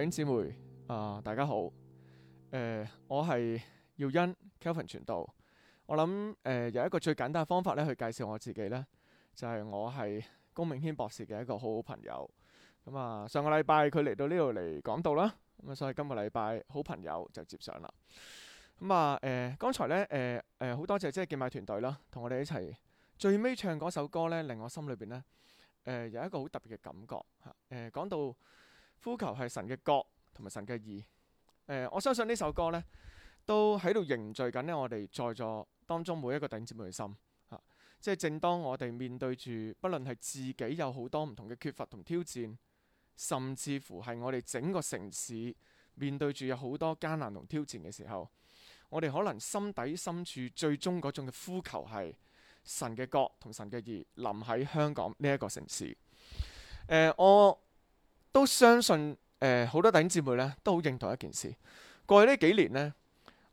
弟兄姊妹啊，大家好。誒、呃，我係耀恩 Kelvin 傳道。我諗誒、呃，有一個最簡單嘅方法咧，去介紹我自己咧，就係、是、我係龔明軒博士嘅一個好好朋友。咁、嗯、啊，上個禮拜佢嚟到呢度嚟講道啦。咁、嗯、啊，所以今個禮拜好朋友就接上啦。咁、嗯、啊，誒、呃，剛才咧，誒、呃，誒、呃，好多謝即係建邁團隊啦，同我哋一齊最尾唱嗰首歌咧，令我心裏邊咧，誒、呃，有一個好特別嘅感覺吓。誒、啊，講到。呼求係神嘅國同埋神嘅義、呃。我相信呢首歌呢，都喺度凝聚緊咧我哋在座當中每一個弟兄姊妹心，啊、即係正當我哋面對住不論係自己有好多唔同嘅缺乏同挑戰，甚至乎係我哋整個城市面對住有好多艱難同挑戰嘅時候，我哋可能心底深處最終嗰種嘅呼求係神嘅國同神嘅義。臨喺香港呢一個城市，呃、我。都相信誒，好多弟兄姊妹咧都好認同一件事。過去呢幾年呢，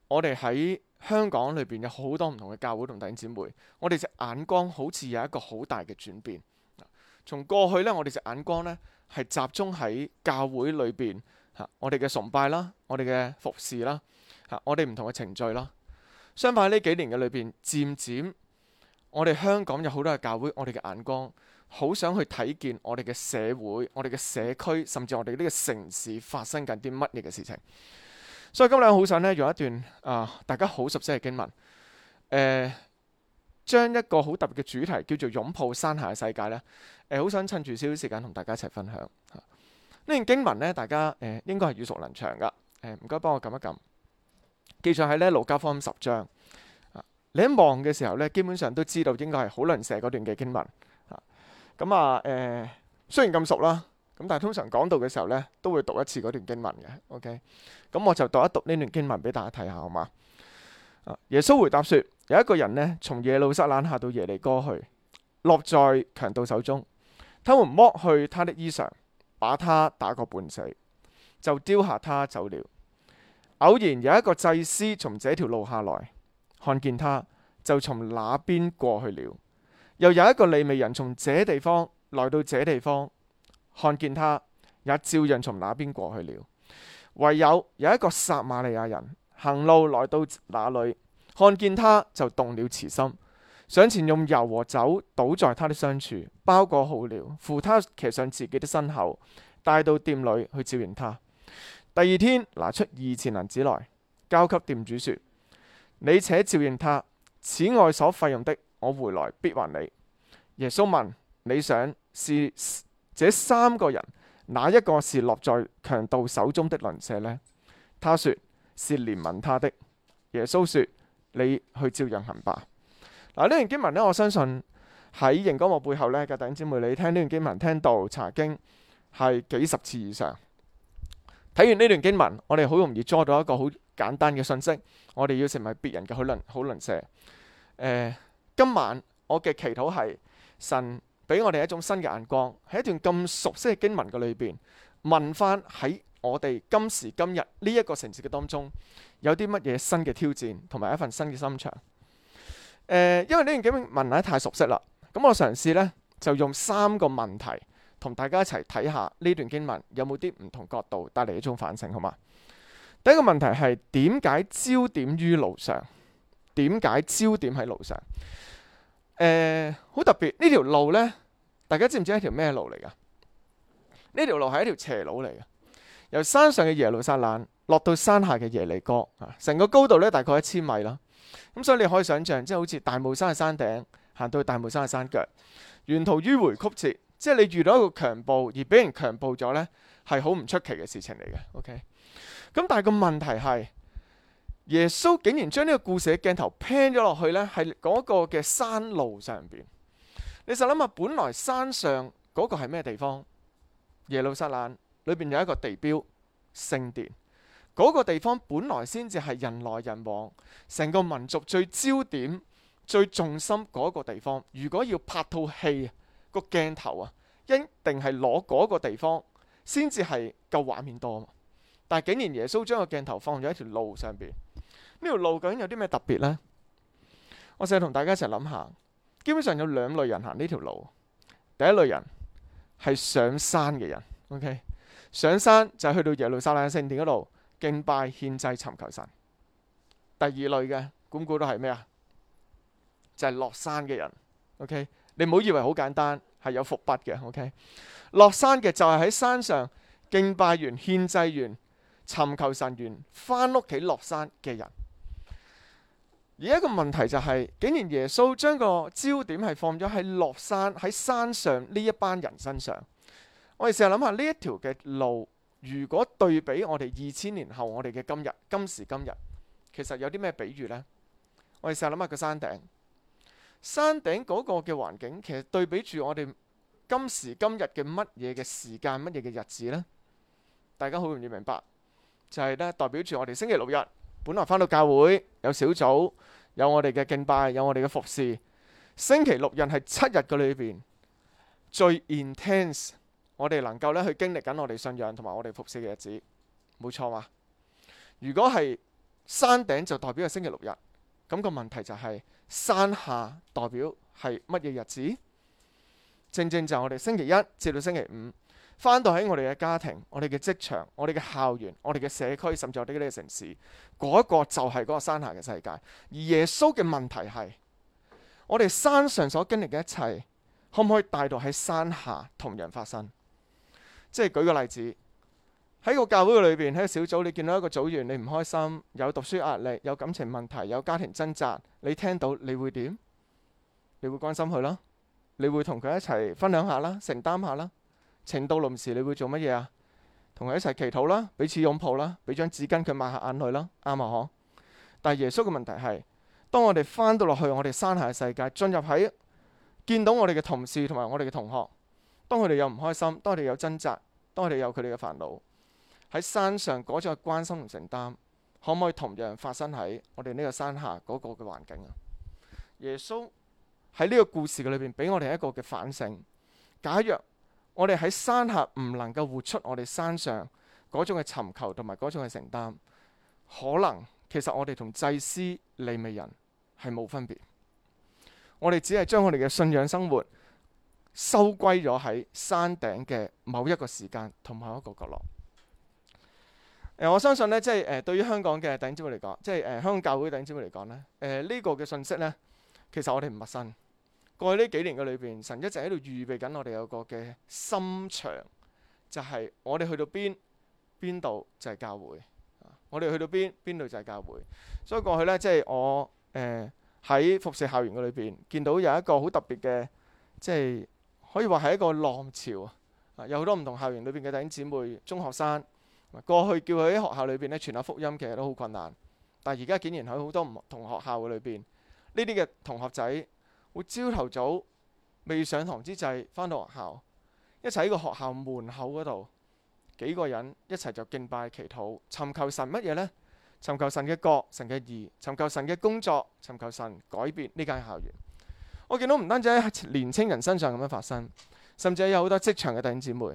我哋喺香港裏邊有好多唔同嘅教會同弟兄姊妹，我哋隻眼光好似有一個好大嘅轉變。從過去呢，我哋隻眼光呢係集中喺教會裏邊嚇，我哋嘅崇拜啦，我哋嘅服侍啦嚇、啊，我哋唔同嘅程序啦。相反喺呢幾年嘅裏邊，漸漸我哋香港有好多嘅教會，我哋嘅眼光。好想去睇見我哋嘅社會、我哋嘅社區，甚至我哋呢個城市發生緊啲乜嘢嘅事情。所以今日好想咧用一段啊，大家好熟悉嘅經文，誒、呃，將一個好特別嘅主題叫做擁抱山下嘅世界呢誒，好、呃、想趁住少少時間同大家一齊分享。呢、啊、段經文呢，大家誒、呃、應該係耳熟能詳噶。誒、呃，唔該幫我撳一撳，記住喺呢路加福音十章。啊、你一望嘅時候呢，基本上都知道應該係好鄰舍嗰段嘅經文。咁啊，誒、嗯，雖然咁熟啦，咁但係通常講道嘅時候呢，都會讀一次嗰段經文嘅。OK，咁我就讀一讀呢段經文俾大家睇下，好嘛？耶穌回答說：有一個人呢，從耶路撒冷下到耶利哥去，落在強盜手中，他們剝去他的衣裳，把他打個半死，就丟下他走了。偶然有一個祭司從這條路下來，看見他，就從那邊過去了。又有一個利未人從這地方來到這地方，看見他也照樣從那邊過去了。唯有有一個撒瑪利亞人行路來到那裡，看見他就動了慈心，上前用油和酒倒在他的傷處，包裹好了，扶他騎上自己的身後，帶到店裏去照應他。第二天拿出二錢銀子來，交給店主說：你且照應他，此外所費用的。我回來必還你。耶穌問：你想是這三個人哪一個是落在強盜手中的鄰舍呢？他說是憐憫他的。耶穌說：你去照樣行吧。嗱呢段經文呢，我相信喺螢光幕背後呢，嘅弟兄姊妹，你聽呢段經文聽到查經係幾十次以上。睇完呢段經文，我哋好容易捉到一個好簡單嘅信息，我哋要成為別人嘅好鄰好鄰舍。呃今晚我嘅祈禱係神俾我哋一種新嘅眼光，喺一段咁熟悉嘅經文嘅裏邊，問翻喺我哋今時今日呢一個城市嘅當中，有啲乜嘢新嘅挑戰同埋一份新嘅心腸。呃，因為呢段經文呢太熟悉啦，咁我嘗試呢，就用三個問題同大家一齊睇下呢段經文有冇啲唔同角度帶嚟一種反省，好嘛？第一個問題係點解焦點於路上？點解焦點喺路上？誒、呃，好特別，呢條路呢，大家知唔知係一條咩路嚟噶？呢條路係一條斜路嚟嘅，由山上嘅耶路撒冷落到山下嘅耶利哥啊，成個高度呢大概一千米啦。咁、嗯、所以你可以想象即、就、係、是、好似大帽山嘅山頂行到大帽山嘅山腳，沿途迂回曲折，即係你遇到一個強暴而俾人強暴咗呢，係好唔出奇嘅事情嚟嘅。OK，咁、嗯、但係個問題係。耶穌竟然將呢個故事嘅鏡頭 pan 咗落去呢係嗰個嘅山路上邊。你就諗下，本來山上嗰個係咩地方？耶路撒冷裏邊有一個地標聖殿嗰個地方，本來先至係人來人往，成個民族最焦點、最重心嗰個地方。如果要拍套戲，個鏡頭啊，一定係攞嗰個地方先至係夠畫面多。但係竟然耶穌將個鏡頭放咗一條路上邊。呢條路究竟有啲咩特別呢？我想同大家一齊諗下，基本上有兩類人行呢條路。第一類人係上山嘅人，OK，上山就去到耶路撒冷聖殿嗰度敬拜獻祭、尋求神。第二類嘅估唔估到係咩啊？就係、是、落山嘅人，OK，你唔好以為好簡單，係有伏筆嘅，OK。落山嘅就係喺山上敬拜完、獻祭完、尋求神完，返屋企落山嘅人。而一個問題就係、是，竟然耶穌將個焦點係放咗喺落山喺山上呢一班人身上，我哋成日諗下呢一條嘅路，如果對比我哋二千年後我哋嘅今日，今時今日，其實有啲咩比喻呢？我哋成日諗下個山頂，山頂嗰個嘅環境，其實對比住我哋今時今日嘅乜嘢嘅時間，乜嘢嘅日子呢？大家好容易明白，就係、是、咧代表住我哋星期六日。本來返到教會有小組，有我哋嘅敬拜，有我哋嘅服侍。星期六日係七日嘅裏邊最 intense，我哋能夠咧去經歷緊我哋信仰同埋我哋服侍嘅日子，冇錯嘛？如果係山頂就代表係星期六日，咁個問題就係山下代表係乜嘢日子？正正就係我哋星期一至到星期五。翻到喺我哋嘅家庭、我哋嘅職場、我哋嘅校園、我哋嘅社區，甚至我哋呢個城市，嗰個就係嗰個山下嘅世界。而耶穌嘅問題係，我哋山上所經歷嘅一切，可唔可以帶到喺山下同樣發生？即係舉個例子，喺個教會裏邊，喺個小組，你見到一個組員你唔開心，有讀書壓力，有感情問題，有家庭掙扎，你聽到你會點？你會關心佢啦，你會同佢一齊分享下啦，承擔下啦。情到臨時，你會做乜嘢啊？同佢一齊祈禱啦，彼此擁抱啦，俾張紙巾佢抹下眼淚啦，啱啊！可但係耶穌嘅問題係：當我哋翻到落去，我哋山下嘅世界，進入喺見到我哋嘅同事同埋我哋嘅同學，當佢哋有唔開心，當佢哋有掙扎，當佢哋有佢哋嘅煩惱，喺山上嗰種關心同承擔，可唔可以同樣發生喺我哋呢個山下嗰個嘅環境啊？耶穌喺呢個故事嘅裏邊俾我哋一個嘅反省。假若我哋喺山下唔能夠活出我哋山上嗰種嘅尋求同埋嗰種嘅承擔，可能其實我哋同祭司、利未人係冇分別，我哋只係將我哋嘅信仰生活收歸咗喺山頂嘅某一個時間同某一個角落。呃。我相信呢，即係誒、呃，對於香港嘅頂尖教會嚟講，即係誒、呃，香港教會嘅頂尖教會嚟講咧，誒、呃，呢、這個嘅信息呢，其實我哋唔陌生。過去呢幾年嘅裏邊，神一直喺度預備緊我哋有個嘅心腸，就係我哋去到邊邊度就係教會，我哋去到邊邊度就係教會。所以過去呢，即係我誒喺服侍校園嘅裏邊見到有一個好特別嘅，即係可以話係一個浪潮啊！有好多唔同校園裏邊嘅弟兄姊妹、中學生，過去叫佢喺學校裏邊呢傳下福音，其實都好困難。但係而家竟然喺好多唔同學校嘅裏邊，呢啲嘅同學仔，會朝頭早上未上堂之際，返到學校一齊喺個學校門口嗰度，幾個人一齊就敬拜祈禱，尋求神乜嘢呢？尋求神嘅國、神嘅義，尋求神嘅工作，尋求神改變呢間校園。我見到唔單止喺年青人身上咁樣發生，甚至有好多職場嘅弟兄姊妹，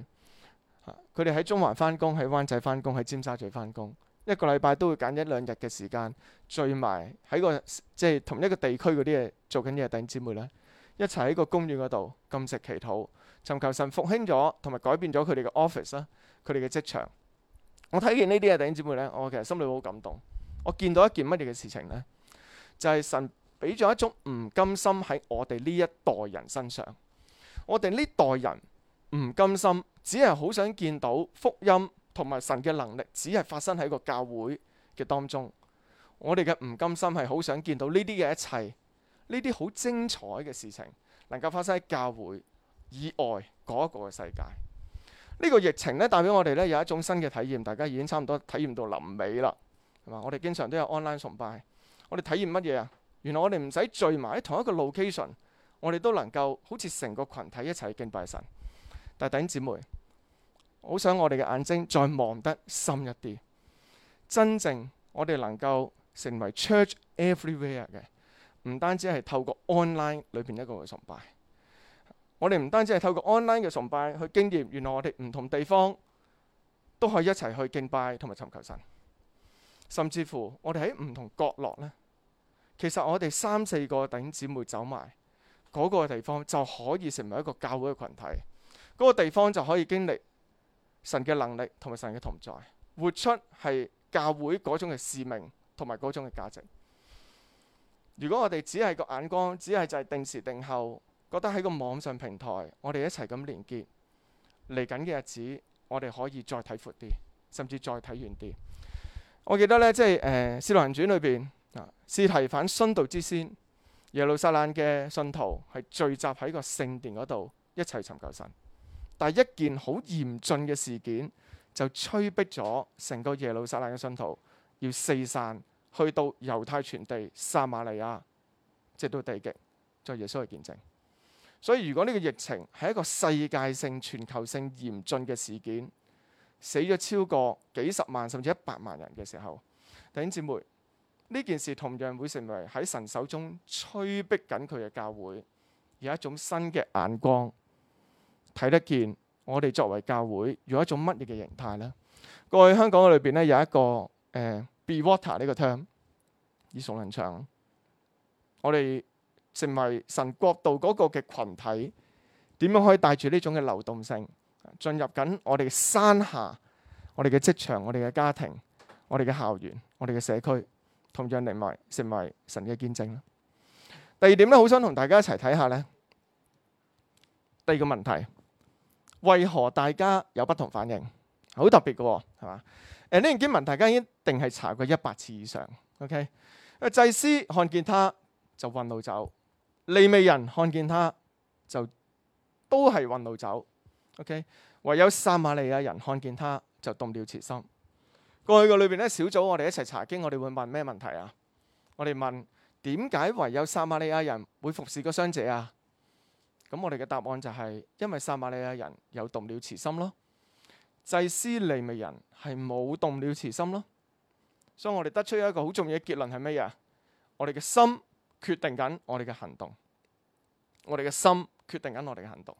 佢哋喺中環返工，喺灣仔返工，喺尖沙咀返工。一個禮拜都會揀一兩日嘅時間聚埋喺個即係、就是、同一個地區嗰啲嘢，做緊嘢弟兄姊妹啦，一齊喺個公園嗰度禁食祈禱，尋求神復興咗，同埋改變咗佢哋嘅 office 啦，佢哋嘅職場。我睇見呢啲嘢，弟兄姊妹咧，我其實心裏好感動。我見到一件乜嘢嘅事情呢？就係、是、神俾咗一種唔甘心喺我哋呢一代人身上。我哋呢代人唔甘心，只係好想見到福音。同埋神嘅能力，只係發生喺個教會嘅當中。我哋嘅唔甘心係好想見到呢啲嘅一切，呢啲好精彩嘅事情，能夠發生喺教會以外嗰一個嘅世界。呢個疫情咧，帶俾我哋咧有一種新嘅體驗。大家已經差唔多體驗到臨尾啦，係嘛？我哋經常都有 online 崇拜，我哋體驗乜嘢啊？原來我哋唔使聚埋喺同一個 location，我哋都能夠好似成個群體一齊敬拜神。但係弟兄姊妹。好想我哋嘅眼睛再望得深一啲，真正，我哋能夠成為 church everywhere 嘅，唔單止係透過 online 裏邊一個嘅崇拜，我哋唔單止係透過 online 嘅崇拜去經驗，原來我哋唔同地方都可以一齊去敬拜同埋尋求神，甚至乎我哋喺唔同角落咧，其實我哋三四個弟兄姊妹走埋嗰個地方，就可以成為一個教會嘅群體，嗰個地方就可以經歷。神嘅能力同埋神嘅同在，活出係教會嗰種嘅使命同埋嗰種嘅價值。如果我哋只係個眼光，只係就係定時定候，覺得喺個網上平台，我哋一齊咁連結。嚟緊嘅日子，我哋可以再睇闊啲，甚至再睇遠啲。我記得呢，即係誒，呃，《使徒行傳》裏邊啊，司提反殉道之先，耶路撒冷嘅信徒係聚集喺個聖殿嗰度一齊尋求神。但一件好嚴峻嘅事件，就催逼咗成個耶路撒冷嘅信徒要四散，去到猶太全地、撒瑪利亞，直到地極，作耶穌嘅見證。所以如果呢個疫情係一個世界性、全球性嚴峻嘅事件，死咗超過幾十萬甚至一百萬人嘅時候，弟兄姊妹，呢件事同樣會成為喺神手中催逼緊佢嘅教會，有一種新嘅眼光。睇得見我哋作為教會有一種乜嘢嘅形態呢？過去香港嘅裏邊咧，有一個誒、呃、be water 呢個 term，耳熟能詳。我哋成為神國度嗰個嘅群體，點樣可以帶住呢種嘅流動性，進入緊我哋嘅山下、我哋嘅職場、我哋嘅家庭、我哋嘅校園、我哋嘅社區，同樣成為成為神嘅見證。第二點咧，好想同大家一齊睇下呢第二個問題。為何大家有不同反應？好特別嘅、哦，係嘛？誒，呢段經文大家一定係查過一百次以上，OK？祭司看見他就繞路走，利未人看見他就都係繞路走，OK？唯有撒瑪利亞人看見他就動了慈心。過去嘅裏邊咧，小組我哋一齊查經，我哋會問咩問題啊？我哋問點解唯有撒瑪利亞人會服侍個傷者啊？咁我哋嘅答案就係，因為撒瑪利亞人有動了慈心咯，祭司利未人係冇動了慈心咯。所以我哋得出一個好重要嘅結論係咩啊？我哋嘅心決定緊我哋嘅行動，我哋嘅心決定緊我哋嘅行動。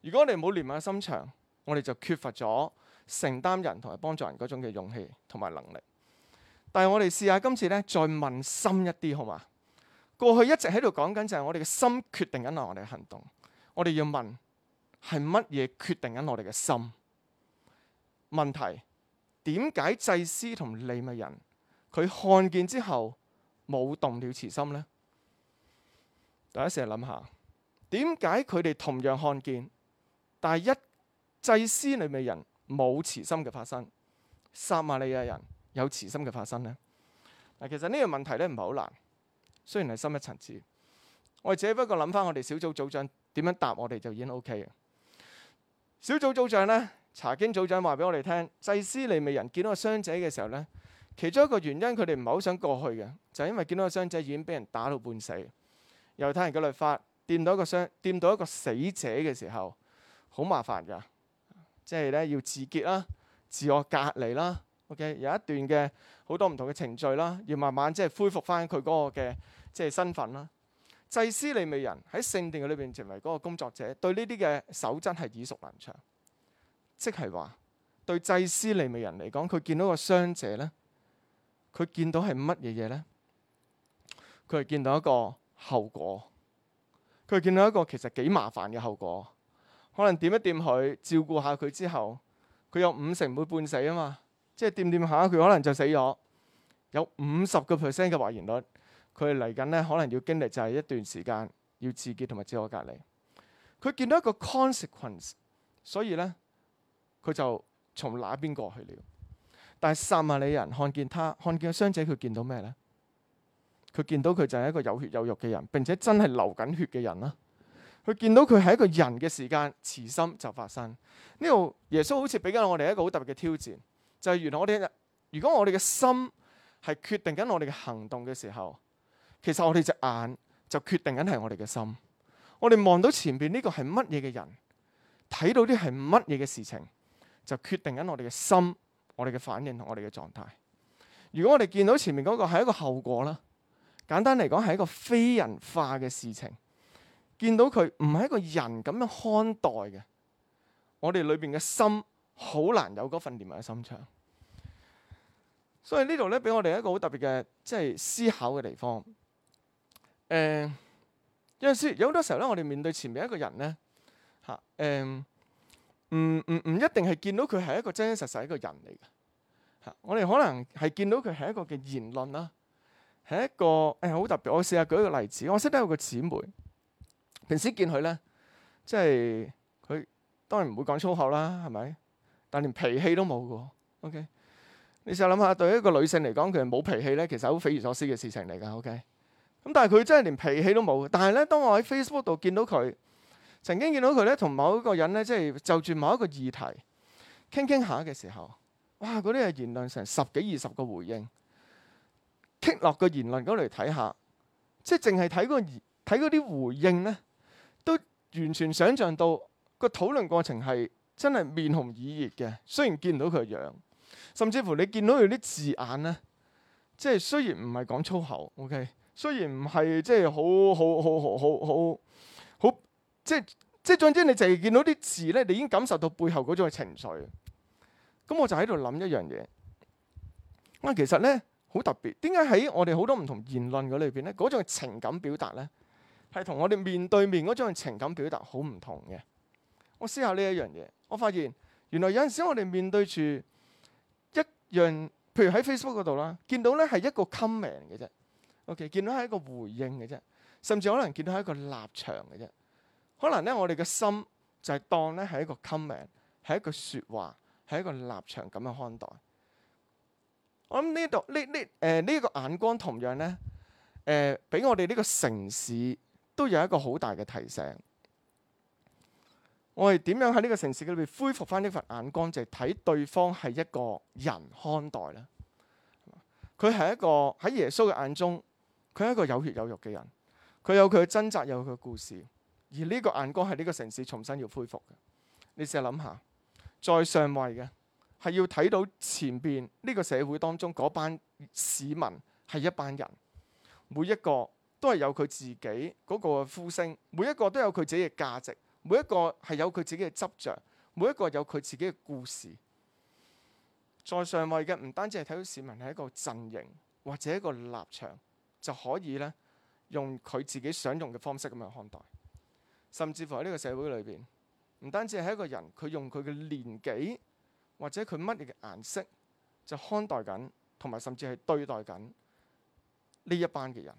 如果我哋冇憐憫嘅心腸，我哋就缺乏咗承擔人同埋幫助人嗰種嘅勇氣同埋能力。但係我哋試下今次咧，再問深一啲，好嘛？過去一直喺度講緊就係我哋嘅心決定緊我哋嘅行動，我哋要問，係乜嘢決定緊我哋嘅心？問題，點解祭司同利未人佢看見之後冇動了慈心呢？大家成日諗下，點解佢哋同樣看見，但係一祭司利未人冇慈心嘅發生，撒瑪利亞人有慈心嘅發生呢？嗱，其實呢個問題咧唔係好難。雖然係深一層次，我哋只不過諗翻我哋小組組長點樣答我哋就已經 OK 嘅。小組組長咧，查經組長話俾我哋聽，祭司利未人見到個傷者嘅時候咧，其中一個原因佢哋唔係好想過去嘅，就係、是、因為見到個傷者已經俾人打到半死。猶太人嘅律法掂到一個傷，掂到一個死者嘅時候，好麻煩㗎，即係咧要自潔啦，自我隔離啦。OK，有一段嘅好多唔同嘅程序啦，要慢慢即係恢復翻佢嗰個嘅即係身份啦。祭司利未人喺聖殿裏邊成為嗰個工作者，對呢啲嘅守真係耳熟能詳，即係話對祭司利未人嚟講，佢見到個傷者咧，佢見到係乜嘢嘢咧？佢係見到一個後果，佢係見到一個其實幾麻煩嘅後果。可能掂一掂佢照顧下佢之後，佢有五成會半死啊嘛。即係掂掂下，佢可能就死咗。有五十個 percent 嘅懷疑率，佢嚟緊咧，可能要經歷就係一段時間要自潔同埋自我隔離。佢見到一個 consequence，所以咧佢就從那邊過去了。但係撒瑪利亞人看見他，看見傷者，佢見到咩咧？佢見到佢就係一個有血有肉嘅人，並且真係流緊血嘅人啦。佢見到佢係一個人嘅時間，慈心就發生。呢度耶穌好似俾緊我哋一個好特別嘅挑戰。就係原來我哋，如果我哋嘅心係決定緊我哋嘅行動嘅時候，其實我哋隻眼就決定緊係我哋嘅心。我哋望到前邊呢個係乜嘢嘅人，睇到啲係乜嘢嘅事情，就決定緊我哋嘅心、我哋嘅反應同我哋嘅狀態。如果我哋見到前面嗰個係一個後果啦，簡單嚟講係一個非人化嘅事情，見到佢唔係一個人咁樣看待嘅，我哋裏邊嘅心好難有嗰份憐憫嘅心腸。所以呢度咧，俾我哋一個好特別嘅，即係思考嘅地方。誒、嗯，有陣時，有好多時候咧，我哋面對前面一個人咧，嚇、嗯，誒，唔唔唔一定係見到佢係一個真真實實、嗯、一個人嚟嘅。嚇，我哋可能係見到佢係一個嘅言論啦，係一個誒好特別。我試下舉一個例子，我識得有個姊妹，平時見佢咧，即係佢當然唔會講粗口啦，係咪？但係連脾氣都冇嘅。OK。你試下諗下，對於一個女性嚟講，佢係冇脾氣咧，其實好匪夷所思嘅事情嚟㗎。OK，咁但係佢真係連脾氣都冇。但係咧，當我喺 Facebook 度見到佢，曾經見到佢咧，同某一個人咧，即係就住、是、某一個議題傾傾下嘅時候，哇！嗰啲係言論成十幾二十個回應，揭落個言論嗰度嚟睇下，即係淨係睇嗰睇啲回應咧，都完全想像到個討論過程係真係面紅耳熱嘅。雖然見唔到佢樣。甚至乎你見到佢啲字眼咧，即係雖然唔係講粗口，OK，雖然唔係即係好好好好好好即係即係，總之你就係見到啲字咧，你已經感受到背後嗰種嘅情緒。咁我就喺度諗一樣嘢，啊，其實咧好特別，點解喺我哋好多唔同言論嗰裏邊咧，嗰種情感表達咧係同我哋面對面嗰種情感表達好唔同嘅？我思考呢一樣嘢，我發現原來有陣時我哋面對住。讓譬如喺 Facebook 嗰度啦，見到咧係一個 comment 嘅啫，OK，見到係一個回應嘅啫，甚至可能見到係一個立場嘅啫。可能咧，我哋嘅心就係當咧係一個 comment，係一句説話，係一個立場咁樣看待。我諗呢度呢呢誒呢個眼光，同樣咧誒，俾、呃、我哋呢個城市都有一個好大嘅提醒。我哋點樣喺呢個城市嘅裏邊恢復翻呢份眼光，淨係睇對方係一個人看待呢？佢係一個喺耶穌嘅眼中，佢係一個有血有肉嘅人，佢有佢嘅掙扎，有佢嘅故事。而呢個眼光係呢個城市重新要恢復嘅。你試下諗下，在上位嘅係要睇到前邊呢個社會當中嗰班市民係一班人，每一個都係有佢自己嗰個呼聲，每一個都有佢自己嘅價值。每一個係有佢自己嘅執着，每一個有佢自己嘅故事。在上位嘅唔單止係睇到市民係一個陣營或者一個立場，就可以呢用佢自己想用嘅方式咁樣看待。甚至乎喺呢個社會裏邊，唔單止係一個人，佢用佢嘅年紀或者佢乜嘢嘅顏色就看待緊，同埋甚至係對待緊呢一班嘅人。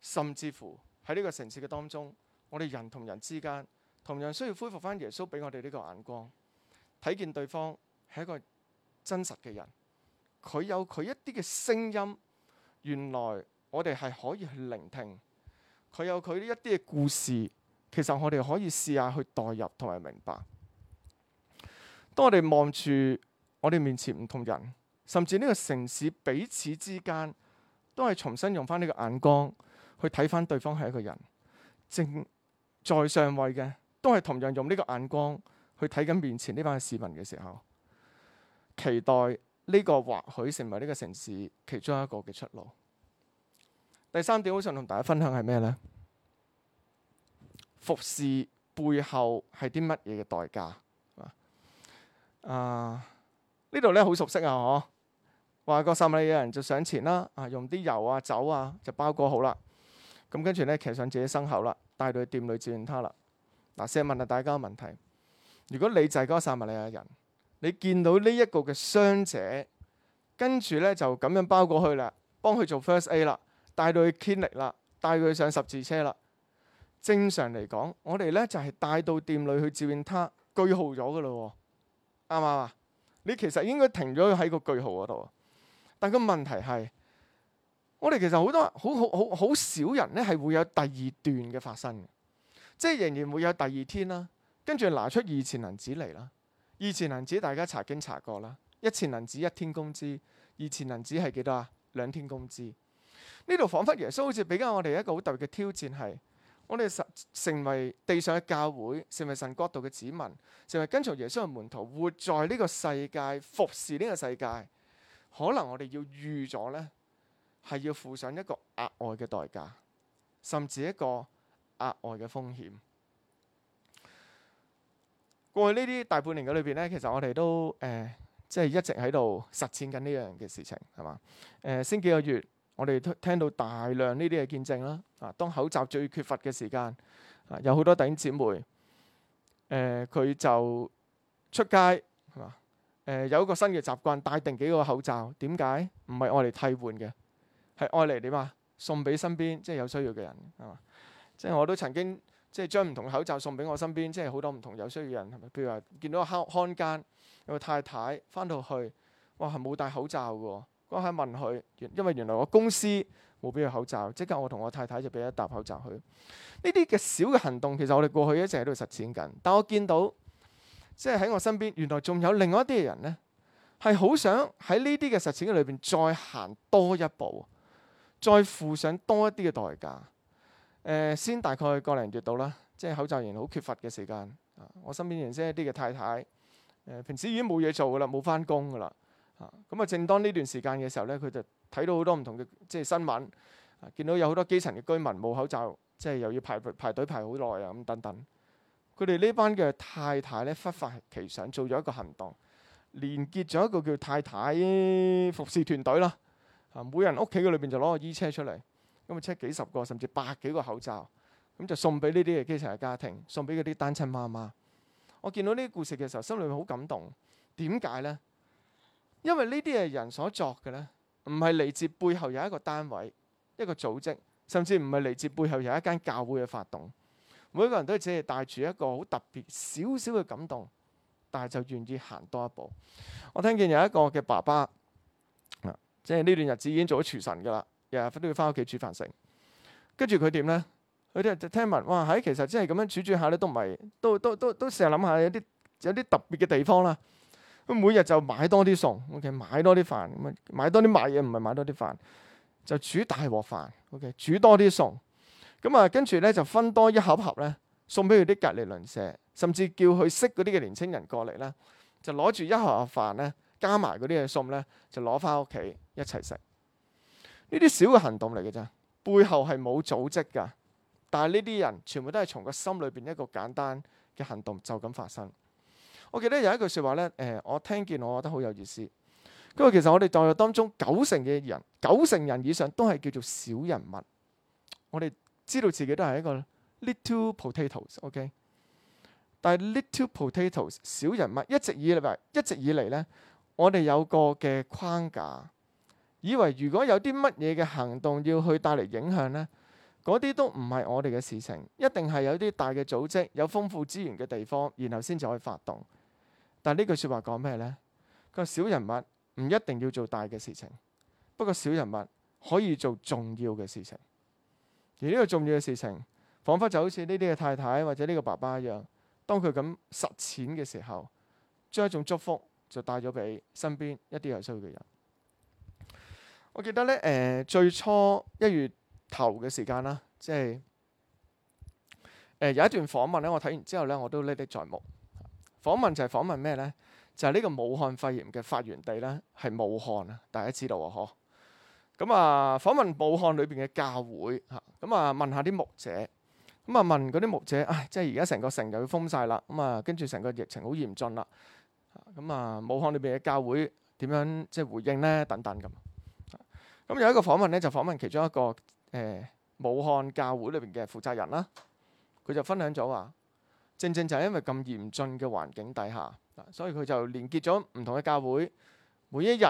甚至乎喺呢個城市嘅當中。我哋人同人之間同樣需要恢復翻，耶穌俾我哋呢個眼光，睇見對方係一個真實嘅人，佢有佢一啲嘅聲音，原來我哋係可以去聆聽，佢有佢呢一啲嘅故事，其實我哋可以試下去代入同埋明白。當我哋望住我哋面前唔同人，甚至呢個城市彼此之間，都係重新用翻呢個眼光去睇翻對方係一個人，正。在上位嘅都係同樣用呢個眼光去睇緊面前呢班市民嘅時候，期待呢個或許成為呢個城市其中一個嘅出路。第三點，好想同大家分享係咩呢？服侍背後係啲乜嘢嘅代價啊？呢度咧好熟悉啊！嗬，話個撒瑪利亞人就上前啦，啊，用啲油啊、酒啊就包裹好啦，咁跟住咧騎上自己牲口啦。帶到去店裏照應他啦。嗱，試問下大家個問題：如果你就係嗰個撒瑪利亞人，你見到呢一個嘅傷者，跟住咧就咁樣包過去啦，幫佢做 First Aid 啦，帶到去 Clinic 啦，帶佢去上十字車啦。正常嚟講，我哋咧就係、是、帶到店裏去照應他。句號咗噶啦，啱唔啱嘛？你其實應該停咗喺個句號嗰度。但個問題係。我哋其實好多好好好好少人咧，係會有第二段嘅發生，即係仍然會有第二天啦，啊。跟住拿出二錢銀子嚟啦，二錢銀子大家查經查過啦，一錢銀子一天工資，二錢銀子係幾多啊？兩天工資。呢度仿佛耶穌好似俾緊我哋一個好特別嘅挑戰，係我哋實成為地上嘅教會，成為神國度嘅子民，成為跟隨耶穌嘅門徒，活在呢個世界服侍呢個世界，可能我哋要預咗呢。係要付上一個額外嘅代價，甚至一個額外嘅風險。過去呢啲大半年嘅裏邊呢，其實我哋都誒，即、呃、係、就是、一直喺度實踐緊呢樣嘅事情，係嘛、呃、先幾個月，我哋都聽到大量呢啲嘅見證啦。啊，當口罩最缺乏嘅時間，啊、有好多弟兄姊妹佢、啊、就出街係嘛、呃、有一個新嘅習慣，帶定幾個口罩。點解唔係我哋替換嘅？係愛嚟點啊？送俾身邊即係有需要嘅人，係嘛？即係我都曾經即係將唔同嘅口罩送俾我身邊，即係好多唔同有需要嘅人，係咪？譬如話見到個看更有個太太翻到去，哇係冇戴口罩嘅，嗰刻問佢，因為原來我公司冇俾佢口罩，即刻我同我太太就俾一沓口罩佢。呢啲嘅小嘅行動，其實我哋過去一直喺度實踐緊，但我見到即係喺我身邊，原來仲有另外一啲嘅人咧，係好想喺呢啲嘅實踐嘅裏邊再行多一步。再付上多一啲嘅代價。呃，先大概個零月度啦，即係口罩仍好缺乏嘅時間。啊，我身邊認識一啲嘅太太，呃，平時已經冇嘢做噶啦，冇翻工噶啦。咁啊，正當呢段時間嘅時候呢，佢就睇到好多唔同嘅即係新聞，啊，見到有好多基層嘅居民冇口罩，即係又要排排隊排好耐啊，咁等等。佢哋呢班嘅太太呢，忽發奇想，做咗一個行動，連結咗一個叫太太服侍團隊啦。啊！每人屋企嘅裏邊就攞個衣車出嚟，咁啊，車幾十個甚至百幾個口罩，咁就送俾呢啲嘅基層嘅家庭，送俾嗰啲單親媽媽。我見到呢啲故事嘅時候，心裏面好感動。點解呢？因為呢啲係人所作嘅呢，唔係嚟自背後有一個單位、一個組織，甚至唔係嚟自背後有一間教會嘅發動。每個人都只係帶住一個好特別、少少嘅感動，但係就願意行多一步。我聽見有一個我嘅爸爸。即係呢段日子已經做咗廚神噶啦，日日都要翻屋企煮飯食。跟住佢點咧？佢啲人就聽聞，哇！喺其實即係咁樣煮煮下咧，都唔係，都都都都成日諗下有啲有啲特別嘅地方啦。佢每日就買多啲餸，OK，買多啲飯，咁啊買多啲買嘢，唔係買多啲飯，就煮大鑊飯，OK，煮多啲餸。咁啊，跟住咧就分多一盒盒咧，送俾佢啲隔離鄰舍，甚至叫佢識嗰啲嘅年青人過嚟啦，就攞住一盒盒飯咧，加埋嗰啲嘅餸咧，就攞翻屋企。一齊食呢啲小嘅行動嚟嘅啫，背後係冇組織噶。但係呢啲人全部都係從個心裏邊一個簡單嘅行動就咁發生。我記得有一句説話呢，呃，誒，我聽見我覺得好有意思。不過其實我哋在當中九成嘅人，九成人以上都係叫做小人物。我哋知道自己都係一個 little potatoes，ok、okay？但係 little potatoes 小人物一直以嚟，一直以嚟呢，我哋有個嘅框架。以為如果有啲乜嘢嘅行動要去帶嚟影響呢？嗰啲都唔係我哋嘅事情，一定係有啲大嘅組織、有豐富資源嘅地方，然後先至可以發動。但句說呢句説話講咩呢？佢話小人物唔一定要做大嘅事情，不過小人物可以做重要嘅事情。而呢個重要嘅事情，彷彿就好似呢啲嘅太太或者呢個爸爸一樣，當佢咁實踐嘅時候，將一種祝福就帶咗俾身邊一啲有需要嘅人。我記得咧，誒最初一月頭嘅時間啦，即係誒有一段訪問咧。我睇完之後咧，我都歷歷在目。訪問就係訪問咩咧？就係呢個武漢肺炎嘅發源地咧，係武漢啊，大家知道啊，嗬。咁啊，訪問武漢裏邊嘅教會吓，咁啊問下啲牧者，咁啊問嗰啲牧者，唉，即係而家成個城就要封曬啦，咁啊跟住成個疫情好嚴峻啦，咁啊武漢裏邊嘅教會點樣即係回應咧？等等咁。咁有一個訪問咧，就訪問其中一個誒武漢教會裏邊嘅負責人啦。佢就分享咗話，正正就係因為咁嚴峻嘅環境底下，嗱，所以佢就連結咗唔同嘅教會，每一日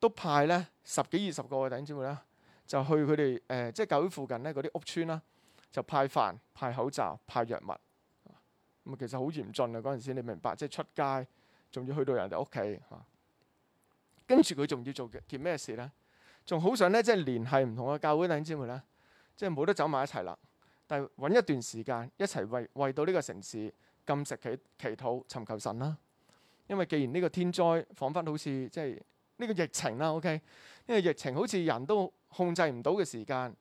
都派咧十幾二十個嘅弟兄姊妹啦，就去佢哋誒即係教會附近咧嗰啲屋村啦，就派飯、派口罩、派藥物。咁啊，其實好嚴峻嘅嗰陣時，你明白即係出街仲要去到人哋屋企嚇，跟住佢仲要做件咩事咧？仲好想咧，即係聯繫唔同嘅教會弟兄姊妹咧，即係冇得走埋一齊啦。但係揾一段時間一齊為為到呢個城市禁食祈祈禱、尋求神啦。因為既然呢個天災彷彿好似即係呢、呢個疫情啦，OK，因為疫情好似人都控制唔到嘅時間，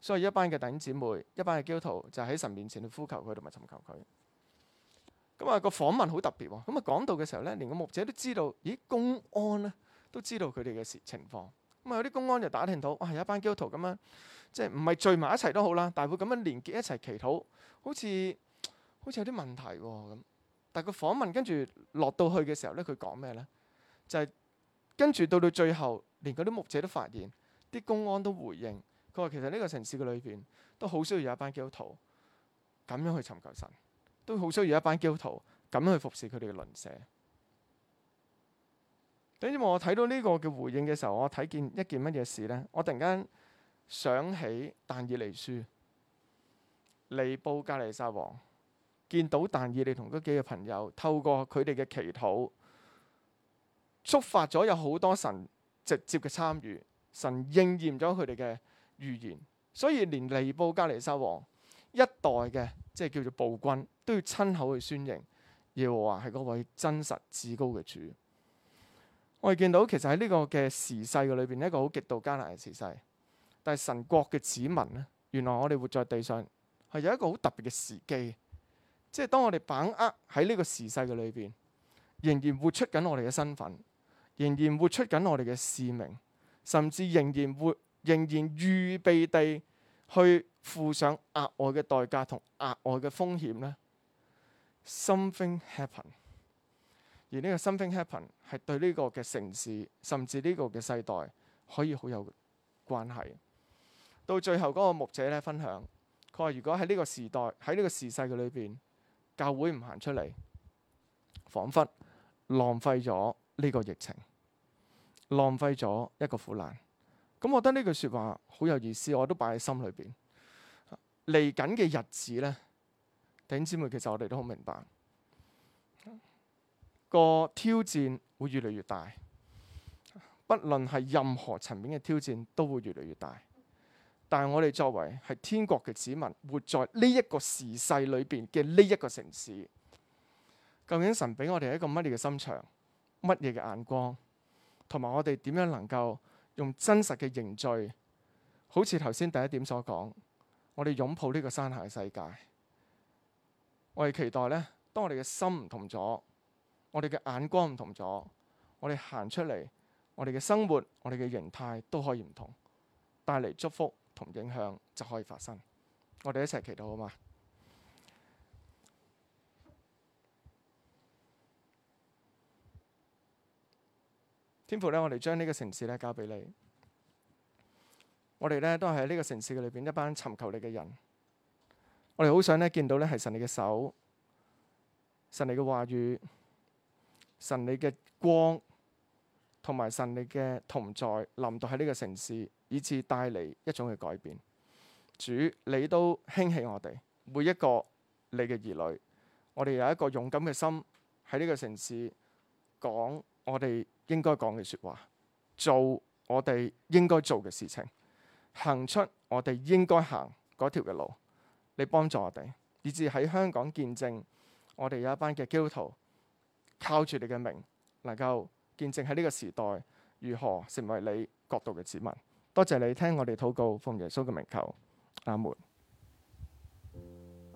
所以一班嘅弟兄姊妹、一班嘅基督徒就喺神面前去呼求佢同埋尋求佢。咁、嗯、啊，嗰個訪問好特別喎、哦。咁、嗯、啊，講道嘅時候咧，連個牧者都知道，咦，公安咧、啊、都知道佢哋嘅事情況。咁有啲公安就打聽到，哇！有一班基督徒咁樣，即係唔係聚埋一齊都好啦，但係會咁樣連結一齊祈禱，好似好似有啲問題喎、哦、咁。但係個訪問跟住落到去嘅時候咧，佢講咩咧？就係跟住到到最後，連嗰啲牧者都發現，啲公安都回應，佢話其實呢個城市嘅裏邊都好需要有一班基督徒咁樣去尋求神，都好需要有一班基督徒咁樣去服侍佢哋嘅鄰舍。等住我睇到呢個嘅回應嘅時候，我睇見一件乜嘢事呢？我突然間想起但以理書，尼布甲尼撒王見到但以理同嗰幾個朋友透過佢哋嘅祈禱，觸發咗有好多神直接嘅參與，神應驗咗佢哋嘅預言，所以連尼布甲尼撒王一代嘅即係叫做暴君都要親口去宣認耶和華係嗰位真實至高嘅主。我哋見到其實喺呢個嘅時勢嘅裏邊，一個好極度艱難嘅時勢。但係神國嘅子民咧，原來我哋活在地上係有一個好特別嘅時機，即係當我哋把握喺呢個時勢嘅裏邊，仍然活出緊我哋嘅身份，仍然活出緊我哋嘅使命，甚至仍然活，仍然預備地去付上額外嘅代價同額外嘅風險呢。Something happened. 而呢個 something happen 係對呢個嘅城市，甚至呢個嘅世代，可以好有關係。到最後嗰個牧者咧，分享，佢話：如果喺呢個時代，喺呢個時勢嘅裏邊，教會唔行出嚟，彷彿浪費咗呢個疫情，浪費咗一個苦難。咁我覺得呢句説話好有意思，我都擺喺心裏邊。嚟緊嘅日子呢，弟兄姊妹其實我哋都好明白。個挑戰會越嚟越大，不論係任何層面嘅挑戰都會越嚟越大。但係我哋作為係天國嘅子民，活在呢一個時勢裏邊嘅呢一個城市，究竟神俾我哋一個乜嘢嘅心腸、乜嘢嘅眼光，同埋我哋點樣能夠用真實嘅凝聚？好似頭先第一點所講，我哋擁抱呢個山下嘅世界，我哋期待呢，當我哋嘅心唔同咗。我哋嘅眼光唔同咗，我哋行出嚟，我哋嘅生活、我哋嘅形態都可以唔同，帶嚟祝福同影響就可以發生。我哋一齊祈禱啊嘛！天父咧，我哋將呢個城市咧交俾你，我哋咧都係喺呢個城市嘅裏邊一班尋求你嘅人，我哋好想咧見到咧係神你嘅手，神你嘅話語。神你嘅光同埋神你嘅同在臨到喺呢個城市，以至帶嚟一種嘅改變。主你都興起我哋每一個你嘅兒女，我哋有一個勇敢嘅心喺呢個城市講我哋應該講嘅說話，做我哋應該做嘅事情，行出我哋應該行嗰條嘅路。你幫助我哋，以至喺香港見證我哋有一班嘅基督徒。靠住你嘅名，能夠見證喺呢個時代，如何成為你國度嘅子民。多謝你聽我哋禱告，奉耶穌嘅名求，阿門。